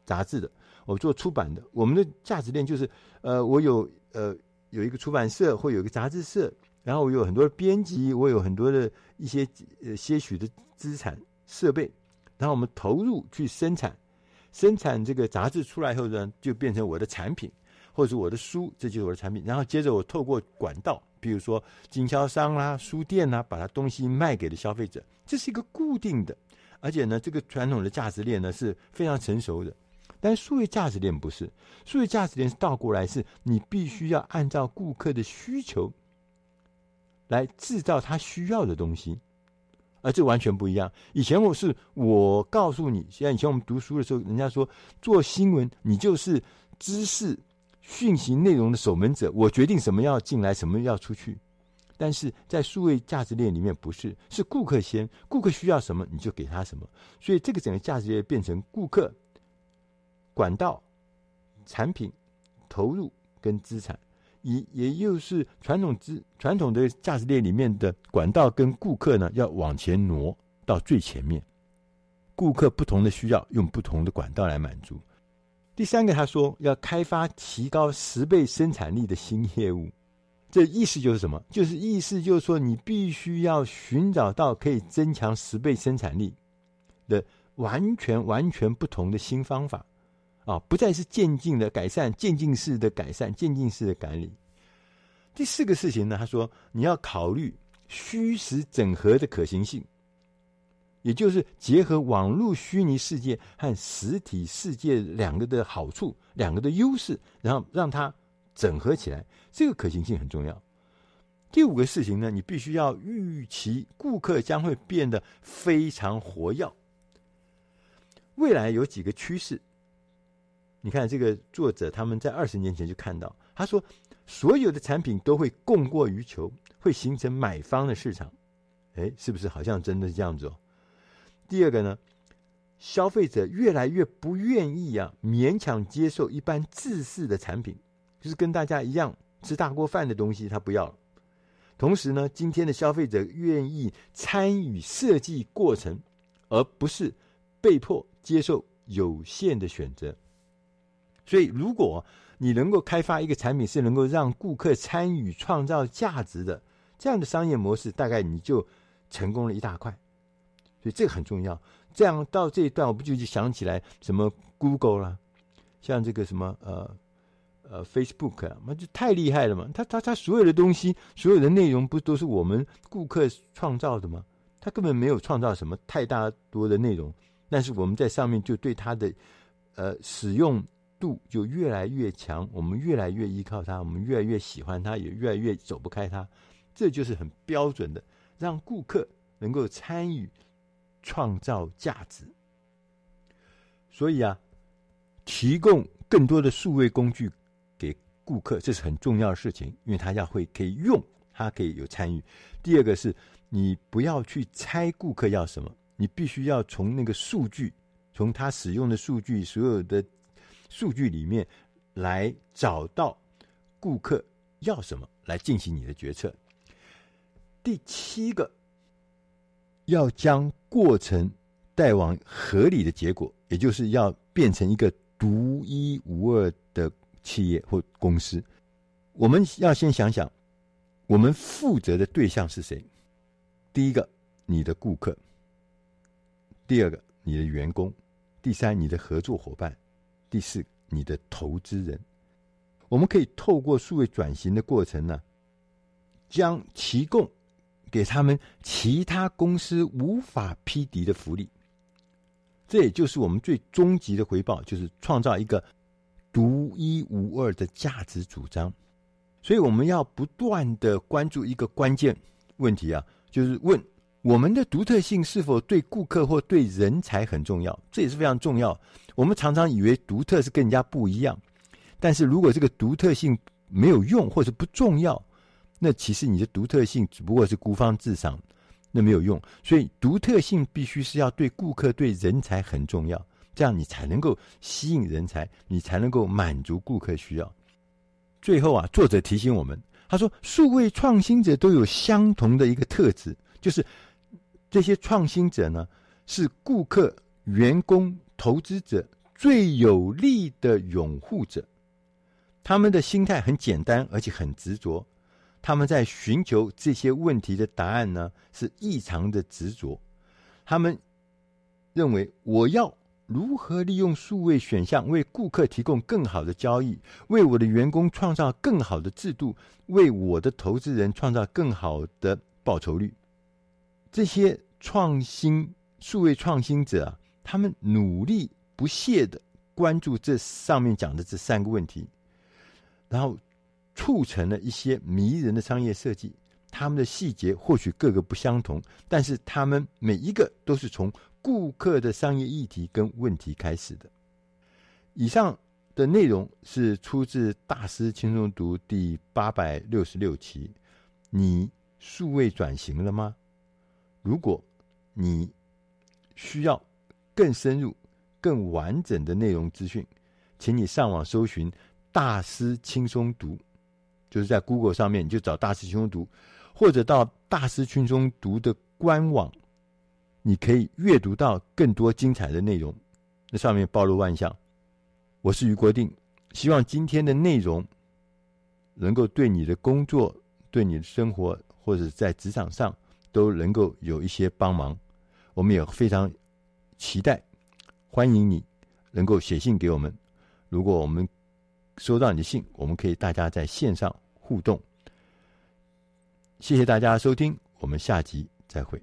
雜誌的，我做出版的，我們的價值鏈就是，呃，我有呃有一個出版社或有一個雜誌社。然後我有很多的編輯，我有很多的一些、呃、些許的資產設備，然後我們投入去生產，生產這個雜誌出來後呢，就變成我的產品，或者是我的書，這就是我的產品。然後接着我透過管道，比如說經銷商啦、啊、書店啦、啊，把它東西賣給了消費者。這是一個固定的，而且呢，這個傳統的價值鏈呢是非常成熟的。但是數位價值鏈不是，數位價值鏈是倒過來，是你必須要按照顧客的需求。來製造他需要的東西，而，啊，這完全不一樣。以前我是我告訴你，像以前我們讀書的時候，人家說做新聞，你就是知識訊息內容的守門者，我決定什麼要進來，什麼要出去。但是在數位價值鏈裡面，不是，是顧客先，顧客需要什麼，你就給他什麼。所以這個整個價值鏈變成顧客、管道、產品、投入跟資產。也也又是傳統之傳統的價值鏈裡面的管道，跟顧客呢，要往前挪到最前面。顧客不同的需要用不同的管道來滿足。第三個，他說要開發提高十倍生產力的新業務，這意思就是什麼？就是意思就是說，你必須要尋找到可以增強十倍生產力的完全完全不同的新方法。啊，不再是漸進的改善，漸進式的改善，漸進式的管理。第四個事情呢，他說你要考慮虛實整合的可行性，也就是結合網絡虛擬世界和實體世界兩個的好處，兩個的優勢，然後讓它整合起來，這個可行性很重要。第五個事情呢，你必須要預期顧客將會變得非常活躍，未來有幾個趨勢。你看這個作者，他們在二十年前就看到，他說所有的產品都會供過於求，會形成買方的市場。哎，是不是好像真的是這樣子？哦？第二個呢，消費者越來越不願意啊，勉強接受一般制式的產品，就是跟大家一樣吃大鍋飯的東西，他不要了。同時呢，今天的消費者願意參與設計過程，而不是被迫接受有限的選擇。所以，如果你能夠開發一個產品，是能夠讓顧客參與創造價值的這樣的商業模式，大概你就成功了一大塊。所以這個很重要。這樣到這一段，我不就就想起來什麼 Google 啦、啊，像這個什麼呃呃 Facebook 啊，那就太厲害了嘛！它它它，所有的東西，所有的內容不都是我們顧客創造的嗎？它根本沒有創造什麼太大多的內容，但是我們在上面就對它的呃使用度就越來越強，我們越來越依靠它，我們越來越喜歡它，也越來越走不開它。這就是很標準的，讓顧客能夠參與創造價值。所以啊，提供更多的數位工具給顧客，這是很重要的事情，因為他要會可以用，他可以有參與。第二個是，你不要去猜顧客要什麼，你必須要從那個數據，從他使用的數據所有的。數據裡面來找到顧客要什麼，來進行你的決策。第七個，要將過程帶往合理的結果，也就是要變成一個獨一無二的企業或公司。我們要先想想，我們負責的對象是誰？第一個，你的顧客；第二個，你的員工；第三，你的合作夥伴。第四，你的投資人，我們可以透過數位轉型的過程呢，將提供給他們其他公司無法匹敵的福利。這也就是我們最終極的回報，就是創造一個獨一無二的價值主張。所以我們要不斷的關注一個關鍵問題啊，就是問。我們的獨特性是否對顧客或對人才很重要？這也是非常重要。我們常常以為獨特是跟人家不一樣，但是如果這個獨特性沒有用或者不重要，那其實你的獨特性只不過是孤芳自賞，那沒有用。所以，獨特性必須是要對顧客、對人才很重要，這樣你才能夠吸引人才，你才能夠滿足顧客需要。最後啊，作者提醒我們，他說，數位創新者都有相同的一個特質，就是。這些創新者呢，是顧客、員工、投資者最有力的擁護者。他們的心態很簡單，而且很執着。他們在尋求這些問題的答案呢，是異常的執着。他們認為，我要如何利用數位選項為顧客提供更好的交易，為我的員工創造更好的制度，為我的投資人創造更好的報酬率。這些創新數位創新者啊，他們努力不懈地關注這上面講的這三個問題，然後促成了一些迷人的商業設計。他們的細節或許各個不相同，但是他們每一個都是從顧客的商業議題跟問題開始的。以上的內容是出自《大師輕鬆讀》第八百六十六期。你數位轉型了嗎？如果你需要更深入、更完整的內容資訊，請你上網搜尋“大師輕鬆讀”，就是在 Google 上面你就找“大師輕鬆讀”，或者到“大師輕鬆讀”的官網，你可以閱讀到更多精彩的內容。那上面包羅萬象。我是俞國定，希望今天的內容能夠對你的工作、對你的生活或者在職場上，都能夠有一些幫忙，我們也非常期待。歡迎你能夠寫信給我們，如果我們收到你的信，我們可以大家在線上互動。謝謝大家收聽，我們下集再會。